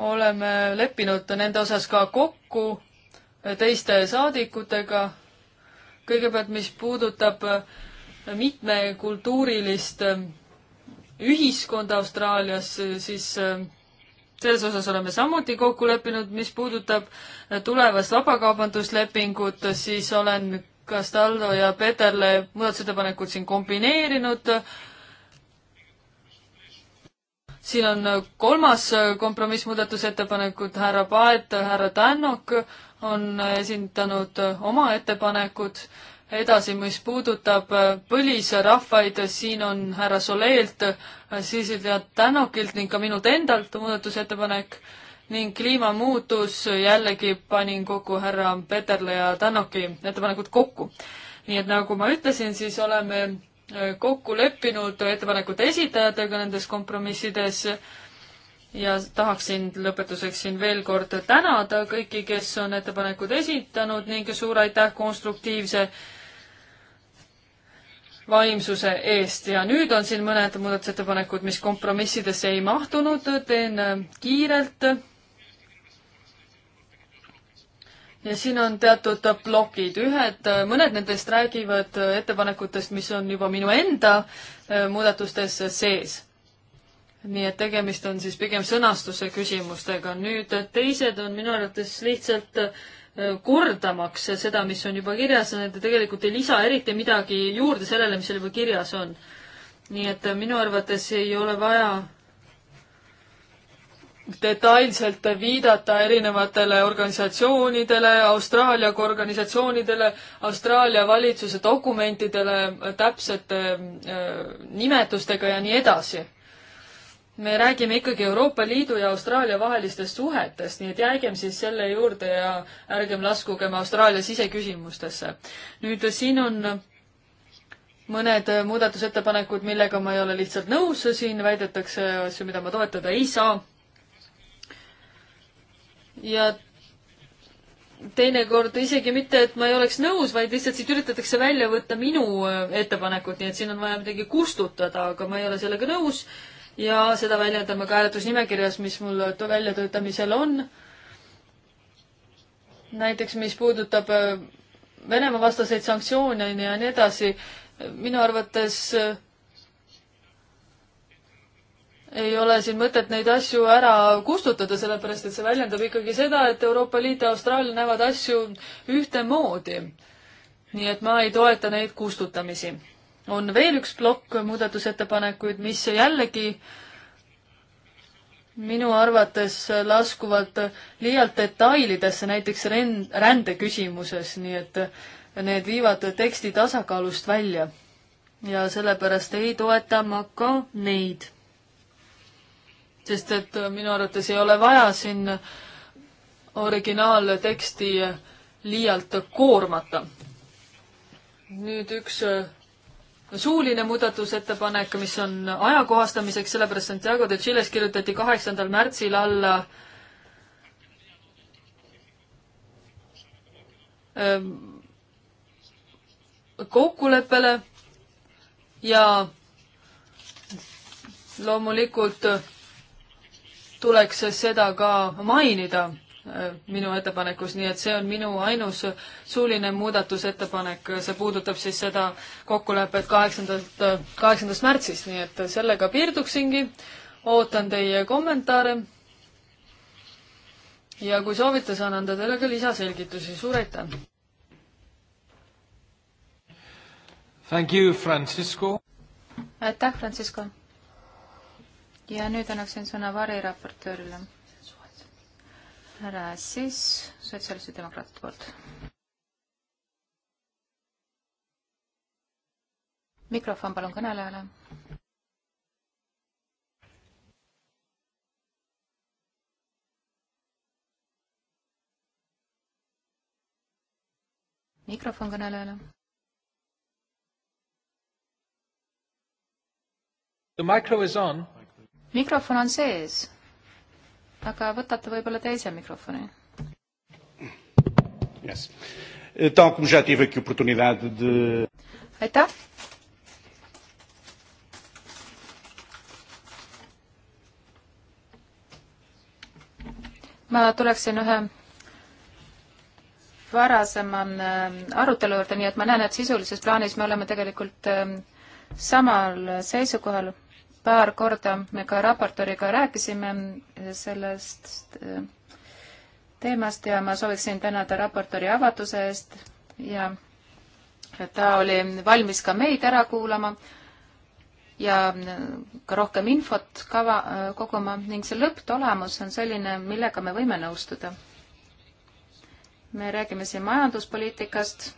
[SPEAKER 1] oleme leppinud nende osas ka kokku teiste saadikutega. kõigepealt, mis puudutab mitmekultuurilist ühiskonda Austraalias, siis äh, selles osas oleme samuti kokku leppinud, mis puudutab tulevast vabakaubanduslepingut, siis olen Castaldo ja Peterle muudatusettepanekud siin kombineerinud siin on äh, kolmas äh, kompromiss muudatusettepanekut, härra Paet, äh, härra Tännok on esindanud oma ettepanekud. edasi, mis puudutab põlisrahvaid, siin on härra Soleilt, siis Tänokilt ning ka minult endalt muudatusettepanek ning kliimamuutus jällegi panin kokku härra Peterle ja Tänoki ettepanekud kokku. nii et nagu ma ütlesin, siis oleme kokku leppinud ettepanekute esitajatega nendes kompromissides ja tahaksin lõpetuseks siin veel kord tänada kõiki, kes on ettepanekud esitanud ning suur aitäh konstruktiivse vaimsuse eest ja nüüd on siin mõned muudatusettepanekud, mis kompromissidesse ei mahtunud, teen kiirelt ja siin on teatud plokid, ühed, äh, mõned nendest räägivad äh, ettepanekutest, mis on juba minu enda äh, muudatustes sees. nii et tegemist on siis pigem sõnastuse küsimustega. nüüd teised on minu arvates lihtsalt kordamaks seda, mis on juba kirjas, need tegelikult ei lisa eriti midagi juurde sellele, mis seal juba kirjas on. nii et minu arvates ei ole vaja detailselt viidata erinevatele organisatsioonidele, Austraalia organisatsioonidele, Austraalia valitsuse dokumentidele täpsete äh, nimetustega ja nii edasi. me räägime ikkagi Euroopa Liidu ja Austraalia vahelistest suhetest, nii et jäägem siis selle juurde ja ärgem laskugem Austraalia siseküsimustesse. nüüd siin on mõned muudatusettepanekud, millega ma ei ole lihtsalt nõus, siin väidetakse asju, mida ma toetada ei saa ja teinekord isegi mitte, et ma ei oleks nõus, vaid lihtsalt siit üritatakse välja võtta minu äh, ettepanekut, nii et siin on vaja midagi kustutada, aga ma ei ole sellega nõus. ja seda väljendan ma ka hääletusnimekirjas, mis mul väljatöötamisel on. näiteks, mis puudutab äh, Venemaa vastaseid sanktsioone ja nii edasi, minu arvates äh, ei ole siin mõtet neid asju ära kustutada, sellepärast et see väljendab ikkagi seda, et Euroopa Liit ja Austraalia näevad asju ühtemoodi. nii et ma ei toeta neid kustutamisi. on veel üks plokk muudatusettepanekuid, mis jällegi minu arvates laskuvad liialt detailidesse, näiteks rend-, rändeküsimuses, nii et need viivad teksti tasakaalust välja. ja sellepärast ei toeta ma ka neid sest et äh, minu arvates ei ole vaja siin originaalteksti äh, liialt koormata. nüüd üks äh, suuline muudatusettepanek, mis on ajakohastamiseks, sellepärast Santiago de Chiles kirjutati kaheksandal märtsil alla ähm, kokkuleppele ja loomulikult tuleks seda ka mainida äh, minu ettepanekus, nii et see on minu ainus suuline muudatusettepanek, see puudutab siis seda kokkulepet kaheksandalt, äh, kaheksandast märtsist, nii et sellega piirduksingi. ootan teie kommentaare. ja kui soovite, saan anda teile ka lisaselgitusi, suur aitäh! Thank you, Francisco!
[SPEAKER 3] aitäh, Francisco! ja nüüd annaksin sõna variraportöörile. härra Assis, sotsiaalse demokraatide poolt. mikrofon palun kõnelejale. mikrofon kõnelejale.
[SPEAKER 1] The micro is on
[SPEAKER 3] mikrofon on sees, aga võtate võib-olla teise mikrofoni.
[SPEAKER 2] Yes. Tal como já tive aqui oportunidade de.
[SPEAKER 3] Aitäh! ma tuleksin ühe varasema ähm, arutelu juurde, nii et ma näen, et sisulises plaanis me oleme tegelikult ähm, samal seisukohal paar korda me ka raportööriga rääkisime sellest äh, teemast ja ma sooviksin tänada raportööri avatuse eest ja ta oli valmis ka meid ära kuulama ja äh, ka rohkem infot kava äh, koguma ning see lõpptulemus on selline, millega me võime nõustuda. me räägime siin majanduspoliitikast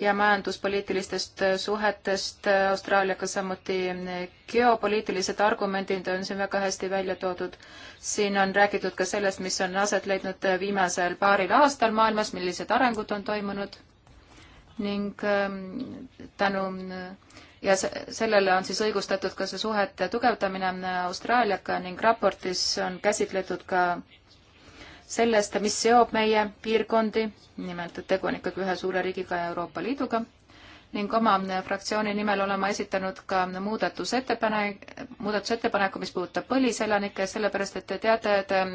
[SPEAKER 3] ja majanduspoliitilistest suhetest Austraaliaga, samuti geopoliitilised argumendid on siin väga hästi välja toodud. siin on räägitud ka sellest, mis on aset leidnud viimasel paaril aastal maailmas, millised arengud on toimunud ning ähm, tänu ja sellele on siis õigustatud ka see suhete tugevdamine Austraaliaga ning raportis on käsitletud ka sellest, mis seob meie piirkondi, nimelt et tegu on ikkagi ühe suure riigiga ja Euroopa Liiduga, ning oma fraktsiooni nimel olen ma esitanud ka muudatusettepanek, muudatusettepaneku, mis puudutab põliselanikke, sellepärast et te teate, et ähm,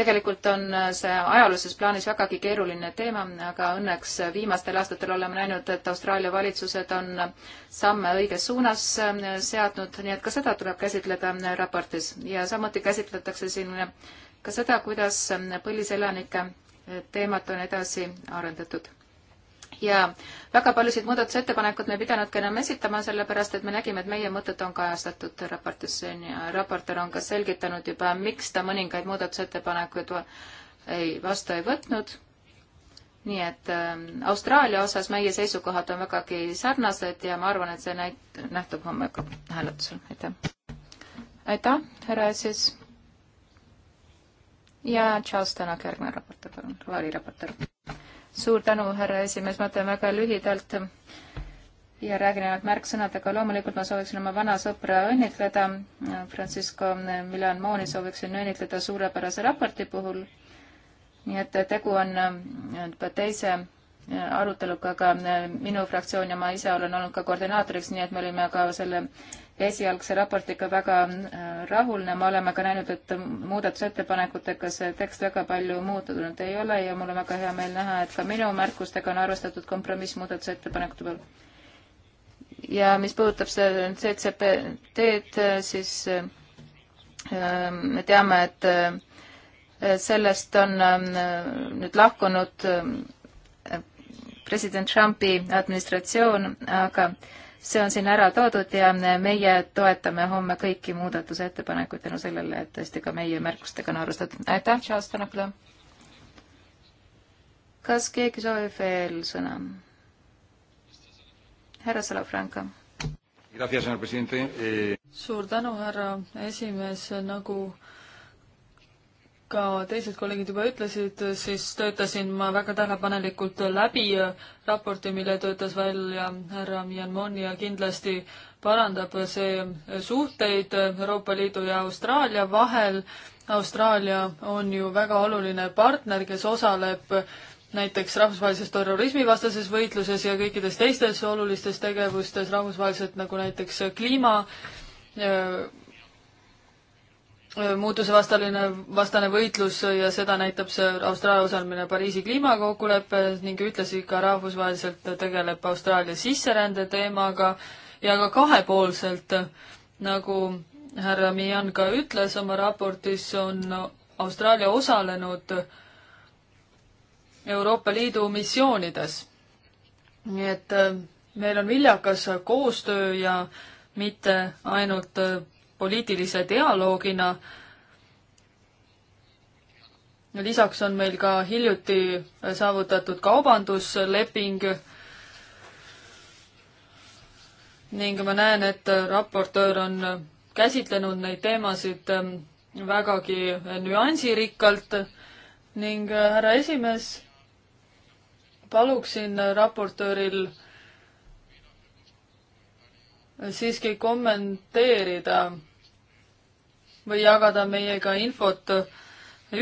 [SPEAKER 3] tegelikult on see ajaloolises plaanis vägagi keeruline teema, aga õnneks viimastel aastatel oleme näinud, et Austraalia valitsused on samme õiges suunas ähm, seadnud, nii et ka seda tuleb käsitleda äh, raportis ja samuti käsitletakse siin ka seda, kuidas põliselanike teemat on edasi arendatud. ja väga paljusid muudatusettepanekud me ei pidanudki enam esitama, sellepärast et me nägime, et meie mõtted on kajastatud raportis ja raportöör on ka selgitanud juba, miks ta mõningaid muudatusettepanekuid ei, vastu ei võtnud. nii et äh, Austraalia osas meie seisukohad on vägagi sarnased ja ma arvan, et see näit-, nähtub homme ka hääletusel, aitäh. aitäh, härra Assis ja Charles Tänak, järgmine raportöör, palun, variraportöör. suur tänu, härra esimees, ma teen väga lühidalt ja räägin ainult märksõnadega. loomulikult ma sooviksin oma vana sõpra õnnitleda, Francisco Milan Mooni sooviksin õnnitleda suurepärase raporti puhul. nii et tegu on juba teise aruteluga, aga minu fraktsioon ja ma ise olen olnud ka koordinaatoriks, nii et me olime ka selle äh, esialgse raportiga väga äh, rahul ja me oleme ka näinud, et muudatusettepanekutega see tekst väga palju muutunud ei ole ja mul on väga hea meel näha, et ka minu märkustega on arvestatud kompromissmuudatusettepanekute peal. ja mis puudutab seda CCPD-d, äh, siis äh, me teame, et sellest on ähm, nüüd lahkunud president Trumpi administratsioon, aga äh, see on siin ära toodud ja meie toetame homme kõiki muudatusettepanekuid tänu sellele, et tõesti ka meie märkustega on arvestatud. aitäh, Charles Tanakule! kas keegi soovib veel sõna? härra
[SPEAKER 1] Salafranca. Eh, suur tänu, härra esimees, nagu ka teised kolleegid juba ütlesid, siis töötasin ma väga tähelepanelikult läbi raporti, mille töötas välja härra Myanmoni ja kindlasti parandab see suhteid Euroopa Liidu ja Austraalia vahel. Austraalia on ju väga oluline partner, kes osaleb näiteks rahvusvahelises terrorismivastases võitluses ja kõikides teistes olulistes tegevustes rahvusvaheliselt, nagu näiteks kliima Äh, muutusevastaline, vastane võitlus ja seda näitab see Austraalia osalemine Pariisi kliimakokkuleppes ning ühtlasi ka rahvusvaheliselt tegeleb Austraalia sisserände teemaga ja ka kahepoolselt, nagu härra Mian ka ütles oma raportis, on Austraalia osalenud Euroopa Liidu missioonides. nii et äh, meil on viljakas koostöö ja mitte ainult äh, poliitilise dialoogina. lisaks on meil ka hiljuti saavutatud kaubandusleping ning ma näen, et raportöör on käsitlenud neid teemasid ähm, vägagi nüansirikkalt ning äh, härra esimees, paluksin raportööril siiski kommenteerida või jagada meiega infot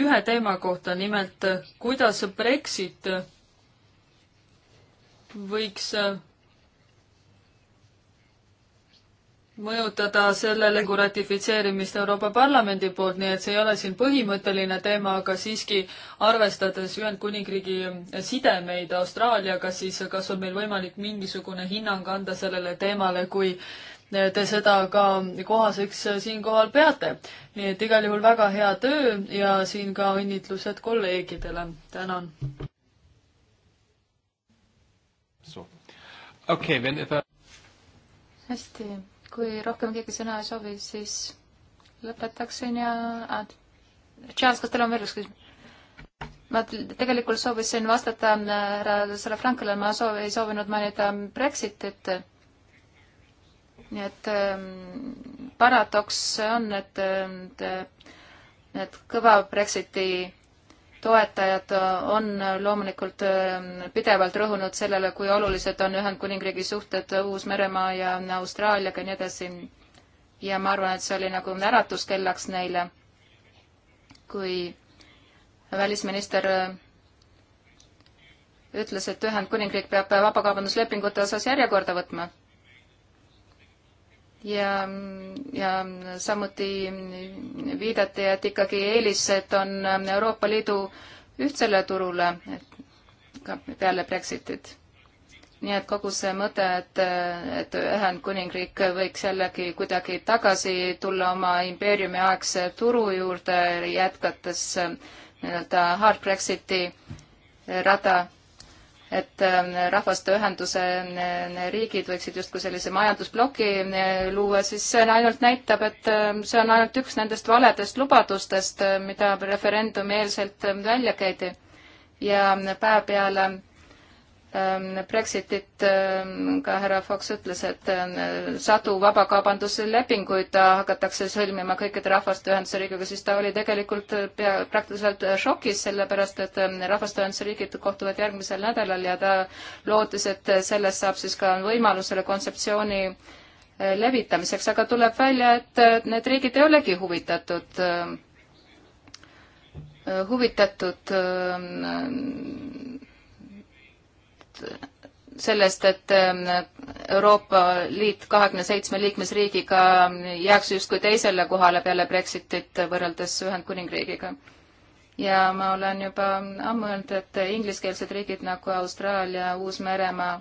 [SPEAKER 1] ühe teema kohta, nimelt kuidas Brexit võiks mõjutada selle lepingu ratifitseerimist Euroopa Parlamendi poolt, nii et see ei ole siin põhimõtteline teema, aga siiski arvestades Ühendkuningriigi sidemeid Austraaliaga, siis kas on meil võimalik mingisugune hinnang anda sellele teemale, kui te seda ka kohaseks siinkohal peate. nii et igal juhul väga hea töö ja siin ka õnnitlused kolleegidele. tänan. okei okay,, Vene ta.
[SPEAKER 3] hästi, kui rohkem keegi sõna ei soovi, siis lõpetaksin ja ah,. Charles, kas teil on veel üks küsimus? ma tegelikult soovisin vastata äh, härra Salafrankole, ma soovi, ei soovinud mainida Brexitit nii et ähm, paradoks on, et, ähm, et need kõva Brexiti toetajad on loomulikult ähm, pidevalt rõhunud sellele, kui olulised on Ühendkuningriigi suhted Uus-Meremaa ja Austraaliaga ja nii edasi. ja ma arvan, et see oli nagu äratuskellaks neile, kui välisminister äh, ütles, et Ühendkuningriik peab vabakaubanduslepingute osas järjekorda võtma ja, ja samuti viidati, et ikkagi eelised on Euroopa Liidu ühtsele turule ka peale Brexitit. nii et kogu see mõte, et, et Ühendkuningriik võiks jällegi kuidagi tagasi tulla oma impeeriumiaegse turu juurde, jätkates nii-öelda hard Brexiti rada et ähm, rahvaste ühenduse äh, riigid võiksid justkui sellise majandusploki äh, luua, siis see ainult näitab, et ähm, see on ainult üks nendest valedest lubadustest, äh, mida referendumi eelselt ähm, välja käidi. ja päev peale Ähm, Brexitit ähm, ka härra Fox ütles, et ähm, sadu vabakaubanduslepinguid hakatakse sõlmima kõikide rahvaste ühenduse riigiga, siis ta oli tegelikult äh, pea, praktiliselt äh, šokis, sellepärast et rahvaste ühenduse riigid kohtuvad järgmisel nädalal ja ta lootis, et äh, sellest saab siis ka võimalus selle kontseptsiooni levitamiseks, aga tuleb välja, et need riigid ei olegi huvitatud, huvitatud sellest, et ähm, Euroopa Liit kahekümne seitsme liikmesriigiga jääks justkui teisele kohale peale Brexitit võrreldes Ühendkuningriigiga. ja ma olen juba ammu öelnud, et ingliskeelsed riigid nagu Austraalia, Uus-Meremaa,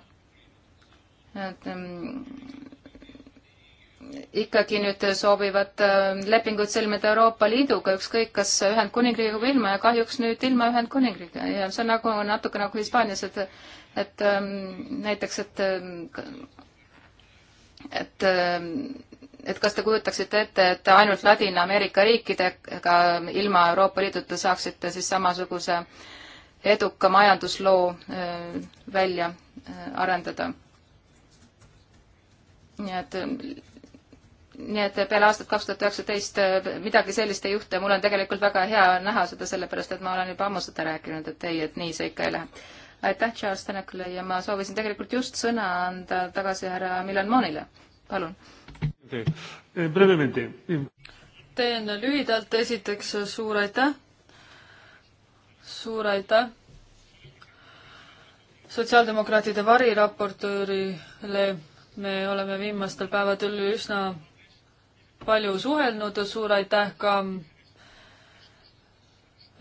[SPEAKER 3] et ähm, ikkagi nüüd soovivad ähm, lepingut sõlmida Euroopa Liiduga, ükskõik kas Ühendkuningriigiga või ilma ja kahjuks nüüd ilma Ühendkuningriigiga ja see on nagu natuke nagu Hispaanias, et et ähm, näiteks, et, et ähm, et kas te kujutaksite ette, et ainult Ladina-Ameerika riikidega ilma Euroopa Liiduta saaksite siis samasuguse eduka majandusloo äh, välja äh, arendada? nii et, nii et peale aastat kaks tuhat üheksateist äh, midagi sellist ei juhtu ja mul on tegelikult väga hea näha seda, sellepärast et ma olen juba ammu seda rääkinud, et ei, et nii see ikka ei lähe aitäh Charles Tänakule ja ma soovisin tegelikult just sõna anda tagasi härra
[SPEAKER 1] Milan Moonile, palun. teen lühidalt, esiteks suur aitäh, suur aitäh sotsiaaldemokraatide variraportöörile, me oleme viimastel päevadel üsna palju suhelnud, suur aitäh ka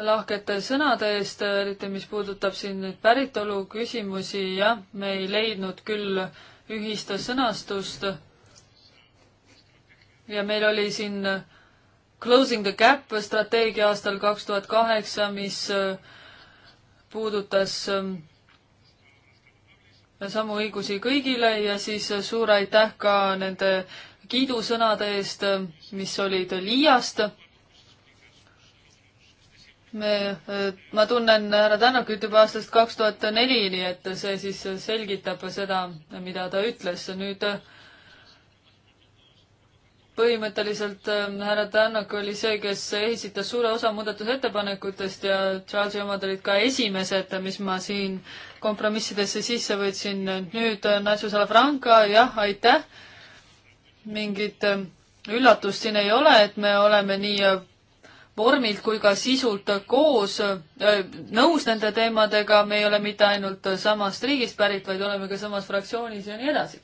[SPEAKER 1] lahkete sõnade eest, eriti mis puudutab siin nüüd päritolu küsimusi, jah, me ei leidnud küll ühist sõnastust. ja meil oli siin Closing the Gap strateegia aastal kaks tuhat kaheksa, mis äh, puudutas äh, samu õigusi kõigile ja siis äh, suur aitäh ka nende kiidusõnade eest, mis olid Liiast me, äh, ma tunnen härra Tänakut juba aastast kaks tuhat neli, nii et see siis selgitab seda, mida ta ütles. nüüd põhimõtteliselt äh, härra Tänak oli see, kes esitas suure osa muudatusettepanekutest ja Charlesi omad olid ka esimesed, mis ma siin kompromissidesse sisse võtsin. nüüd äh, Nacho Salafranca, jah, aitäh. mingit üllatust siin ei ole, et me oleme nii vormilt kui ka sisult koos äh, nõus nende teemadega, me ei ole mitte ainult samast riigist pärit, vaid oleme ka samas fraktsioonis ja nii edasi.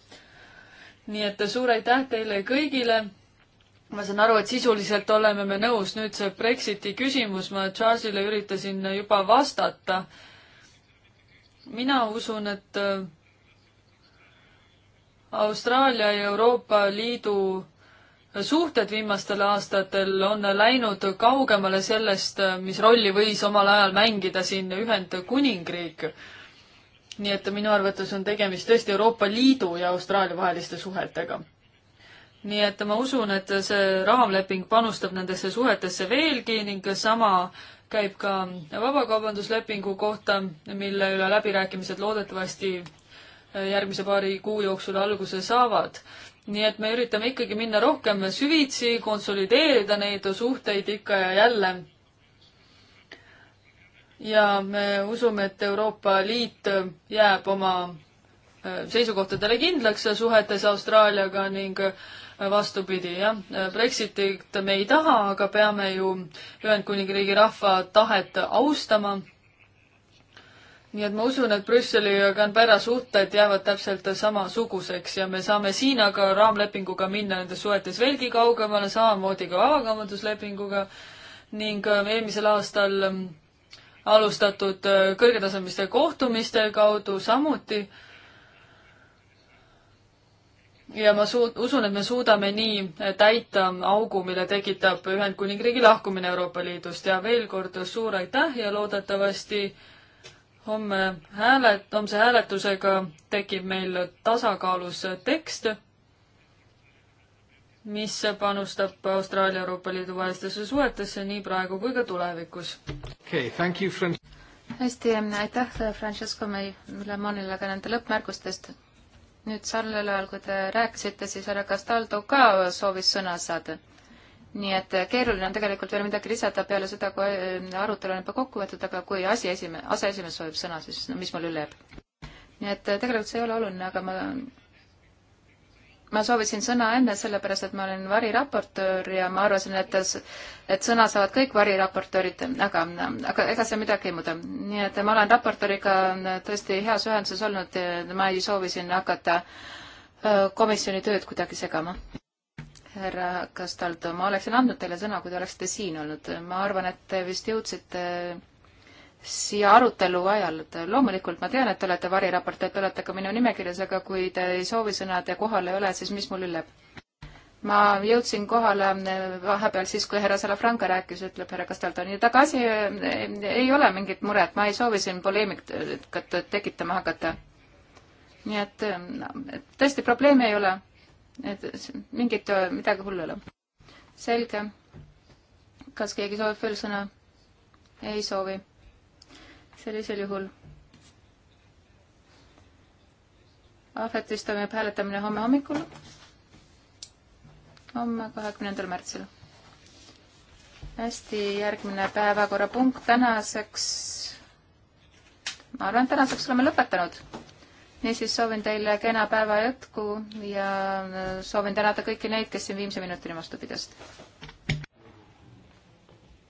[SPEAKER 1] nii et suur aitäh teile kõigile. ma saan aru, et sisuliselt oleme me nõus, nüüd see Brexiti küsimus, ma Charlesile üritasin juba vastata. mina usun, et äh, Austraalia ja Euroopa Liidu suhted viimastel aastatel on läinud kaugemale sellest, mis rolli võis omal ajal mängida siin Ühendkuningriik. nii et minu arvates on tegemist tõesti Euroopa Liidu ja Austraalia vaheliste suhetega. nii et ma usun, et see raamleping panustab nendesse suhetesse veelgi ning sama käib ka vabakaubanduslepingu kohta, mille üle läbirääkimised loodetavasti järgmise paari kuu jooksul alguse saavad nii et me üritame ikkagi minna rohkem süvitsi, konsolideerida neid suhteid ikka ja jälle. ja me usume, et Euroopa Liit jääb oma äh, seisukohtadele kindlaks suhetes Austraaliaga ning äh, vastupidi, jah, Brexitit me ei taha, aga peame ju Ühendkuningriigi rahva tahet austama nii et ma usun, et Brüsseli ja Canberra suhted jäävad täpselt samasuguseks ja me saame Hiinaga raamlepinguga minna nendes suhetes veelgi kaugemale, samamoodi ka vabakaubanduslepinguga ning ähm, eelmisel aastal ähm, alustatud äh, kõrgetasemeste kohtumiste kaudu samuti. ja ma suu-, usun, et me suudame nii äh, täita augu, mille tekitab Ühendkuningriigi lahkumine Euroopa Liidust ja veel kord suur aitäh ja loodetavasti äh, homme häälet-, homse hääletusega tekib meil tasakaalus tekst, mis panustab Austraalia Euroopa Liidu vahelistesse suhetesse nii praegu kui ka tulevikus okay,. hästi,
[SPEAKER 3] aitäh Francesco Milamonile ka nende lõppmärkustest. nüüd sellel ajal, kui te rääkisite, siis härra Castaldo ka soovis sõna saada nii et eh, keeruline on tegelikult veel midagi lisada peale seda, kui eh, arutelu on juba kokku võetud, aga kui asi esime-, aseesimees soovib sõna, siis no, mis mul üle jääb? nii et eh, tegelikult see ei ole oluline, aga ma, ma soovisin sõna enne, sellepärast et ma olen variraportöör ja ma arvasin, et, et sõna saavad kõik variraportöörid, aga, aga ega see midagi ei muuda. nii et ma olen raportööriga tõesti heas ühenduses olnud ja ma ei soovi siin hakata komisjoni tööd kuidagi segama härra Castaldo, ma oleksin andnud teile sõna, kui te oleksite siin olnud. ma arvan, et te vist jõudsite siia arutelu ajal, et loomulikult ma tean, et te olete variraportöör, te olete ka minu nimekirjas, aga kui te ei soovi sõna, te kohal ei ole, siis mis mul ülleb? ma jõudsin kohale vahepeal siis, kui härra Salafranca rääkis, ütleb härra Castaldo, nii et aga asi eh, ei ole mingit muret, ma ei soovi siin poleemikat tekitama hakata. nii et eh, tõesti probleemi ei ole et mingit, äh, midagi hullu ei ole. selge. kas keegi soovib veel sõna? ei soovi. sellisel juhul. ahvetis toimub hääletamine homme hommikul. homme, kahekümnendal märtsil. hästi, järgmine päevakorrapunkt tänaseks. ma arvan, et tänaseks oleme lõpetanud niisiis soovin teile kena päeva jätku ja soovin tänada kõiki neid, kes siin viimse minutini vastu pidasid.